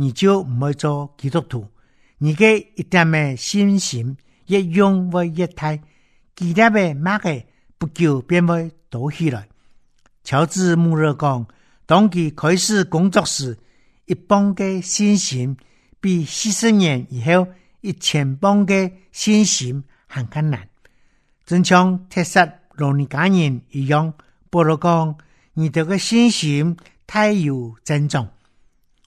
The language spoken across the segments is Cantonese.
你就唔會做基督徒，你嘅一點嘅信心越用會越大，其他嘅馬嘅不久便會多起來。喬治·穆勒講，當佢開始工作時，一般嘅信心比四十年以後一千幫嘅信心還艱難。增強特色，羅尼·加人一樣，穆勒講，你哋嘅信心太有增長。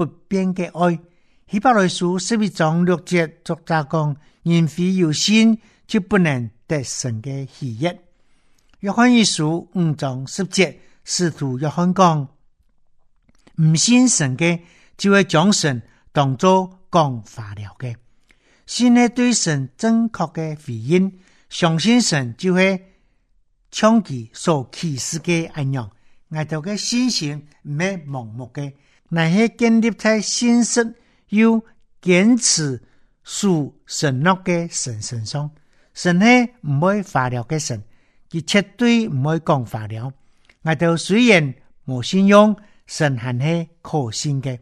不變嘅愛，希伯來書十一章六節作者講：“人非有信就不能得神嘅喜悦。約翰一書五章十節，使徒約翰講：唔信神嘅，就會將神當作講法了嘅。信嘅對神正確嘅回應，相信神就會像其所啟示嘅一樣，我哋嘅信心唔係盲目嘅。乃是建立在信實又堅持屬承諾嘅神身上，神係唔會化療嘅神，佢絕對唔會講化療。我哋雖然冇信用，神還是可信嘅。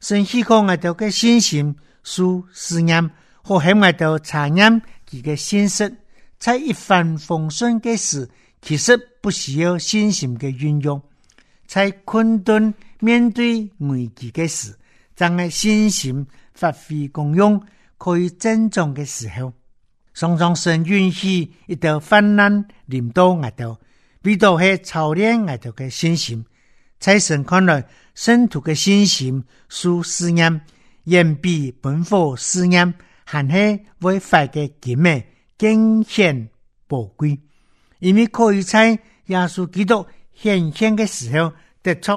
神許可我哋嘅信心屬試驗，或喺我哋查驗佢嘅信心，在一帆風順嘅時，其實不需要信心嘅運用，在困頓。面對危機嘅時，真係信心發揮功用可以增長嘅時候，常常神允許一道泛濫臨到外頭，唯獨喺操練外頭嘅信心。在神看來，信徒嘅信心屬試驗，遠比本火試驗，還喺違法嘅金嘅更顯寶貴，因為可以喺耶穌基督顯現嘅時候得出。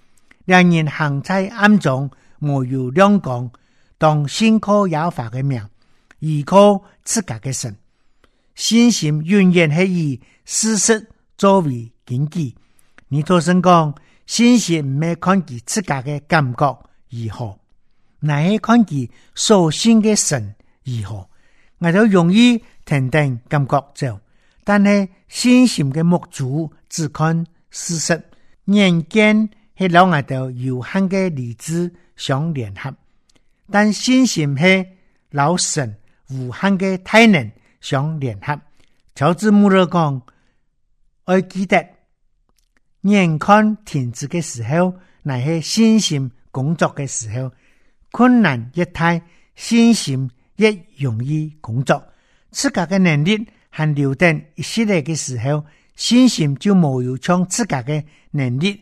仍人行在暗中，無有亮光。當先可有法嘅命，二可自家嘅神。信心，心永遠係以事實作為你說心心根據。你頭先講，信心唔係看住自家嘅感覺如何，乃係看住所信嘅神如何。我就容易停定感覺就，但係信心嘅目珠只看事實，眼睛。老外到有限嘅理智相聯合，但信心係老神無限嘅大能相聯合。喬治·穆勒講：“要記得，眼看停止嘅時候，那是信心工作嘅時候；困難越大，信心越容易工作。自家嘅能力，和劉登一系列嘅時候，信心就冇有搶自家嘅能力。”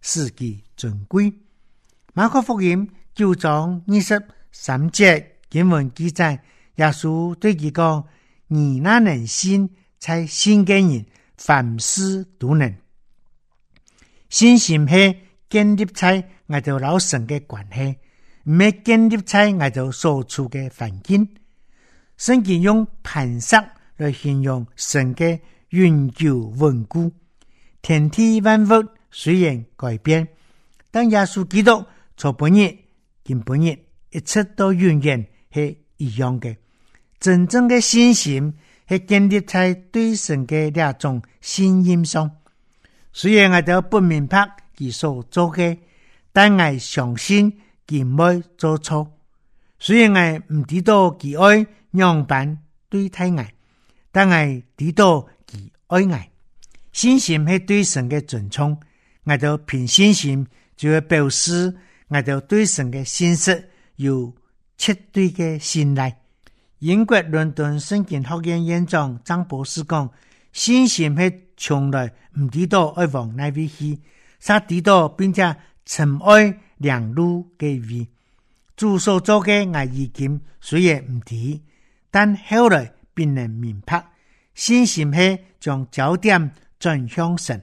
事跡尊貴，馬可福音九章二十三節，經文記載，耶穌對他說：“你那能心才先跟人凡事人，都能信心去建立在 𠊎 兜老神嘅關係，唔係建立在 𠊎 兜所處嘅環境。”聖經用磐石來形容神嘅永久穩固，天地萬物。雖然改變，但耶穌基督從本日經本日，一切都永遠是一樣的。真正的信心是建立在對神嘅兩種信心上。雖然我都不明白其所做的，但係相信佢冇做錯。雖然我唔知道佢愛讓板對太愛，但係知道佢愛愛信心是對神的尊重。我哋憑信心，就表示我哋對神嘅信息，有絕對嘅信賴。英國倫敦聖經學院院長張博士講：信心係從來唔知道要往哪邊去，他知道並且深愛兩露嘅味。主所做嘅我已經雖然唔知，但後來便能明白，信心係將焦點轉向神。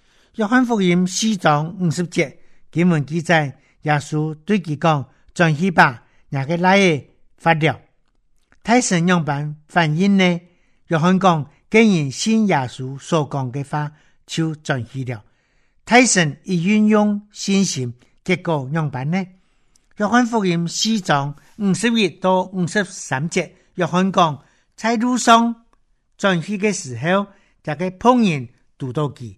約翰福音四章五十節，經文記載耶穌對佢講：轉去吧，亞嘅拉嘢發掉。太神樣板反應呢？約翰講：既然信耶穌所講嘅話，就轉去轉了。太神已運用信心神結果樣板呢？約翰福音四章五十一到五十三節，約翰講：在路上轉去嘅時候，就、這、佢、個、碰見獨到記。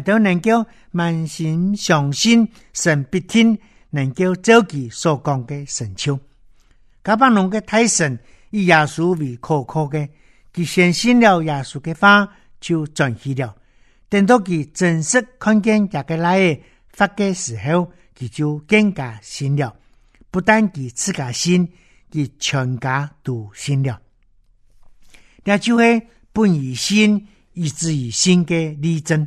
都能夠滿心相信神必聽，能夠照己所講的神槍。迦百農嘅大臣以耶穌為可靠的。佢相信了耶穌的話，就轉信了。等到佢正式看見耶穌來的發嘅時候，佢就更加信了。不但佢自家信，佢全家都信了。那就會本以信，以致以信的理證。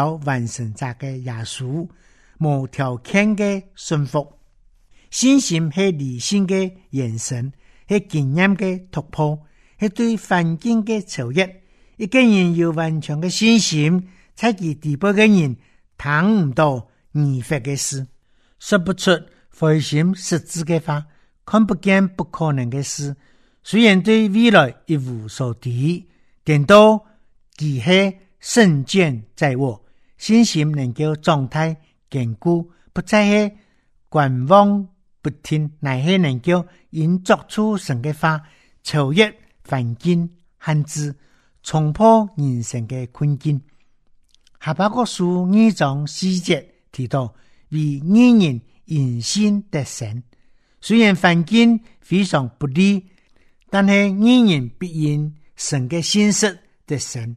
有完成者嘅耶穌，無條件嘅信服，信心係理性嘅延伸，係經驗嘅突破，係對環境嘅超越。一個人有頑強嘅信心，才具地步嘅人，談唔到逆發嘅事，說不出非信實質嘅話，看不見不可能嘅事。雖然對未來一無所知，但都只係勝券在握。信心能夠狀態堅固，不再係觀望不停，乃係能夠因作出神嘅話超越環境限制，沖破人生嘅困境。哈巴谷書二章四節提到，為義人因信得勝。雖然環境非常不利，但係義人必然因神嘅信心得勝。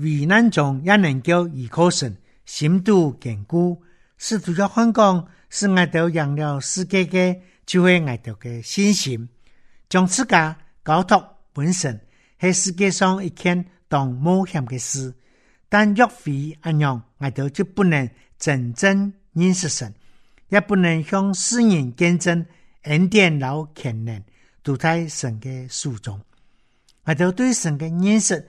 危難中也能夠依靠神，深度堅固。使徒約翰講：“使愛德贏了世界的，就會愛德嘅信心。”將自家搞託本身，係世界上一件當冒險嘅事。但若非安樣，愛德就不能真正認識神，也不能向世人見證恩典老全能、獨在神嘅手中，愛德對神嘅認識。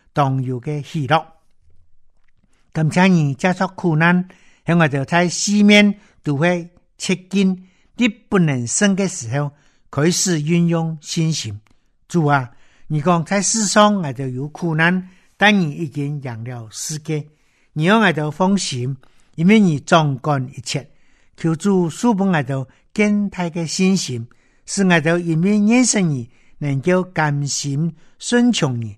當有嘅喜樂，咁請人接受苦難，響我哋在四面都會吃驚，力不能勝的時候，開始運用信心，心。主啊，你講在世上，我哋有苦難，但你已經勝了世界，你要我哋放心，因為你掌管一切，求主書本我哋堅定嘅信心，使我哋一面人生兒能夠甘心順從你。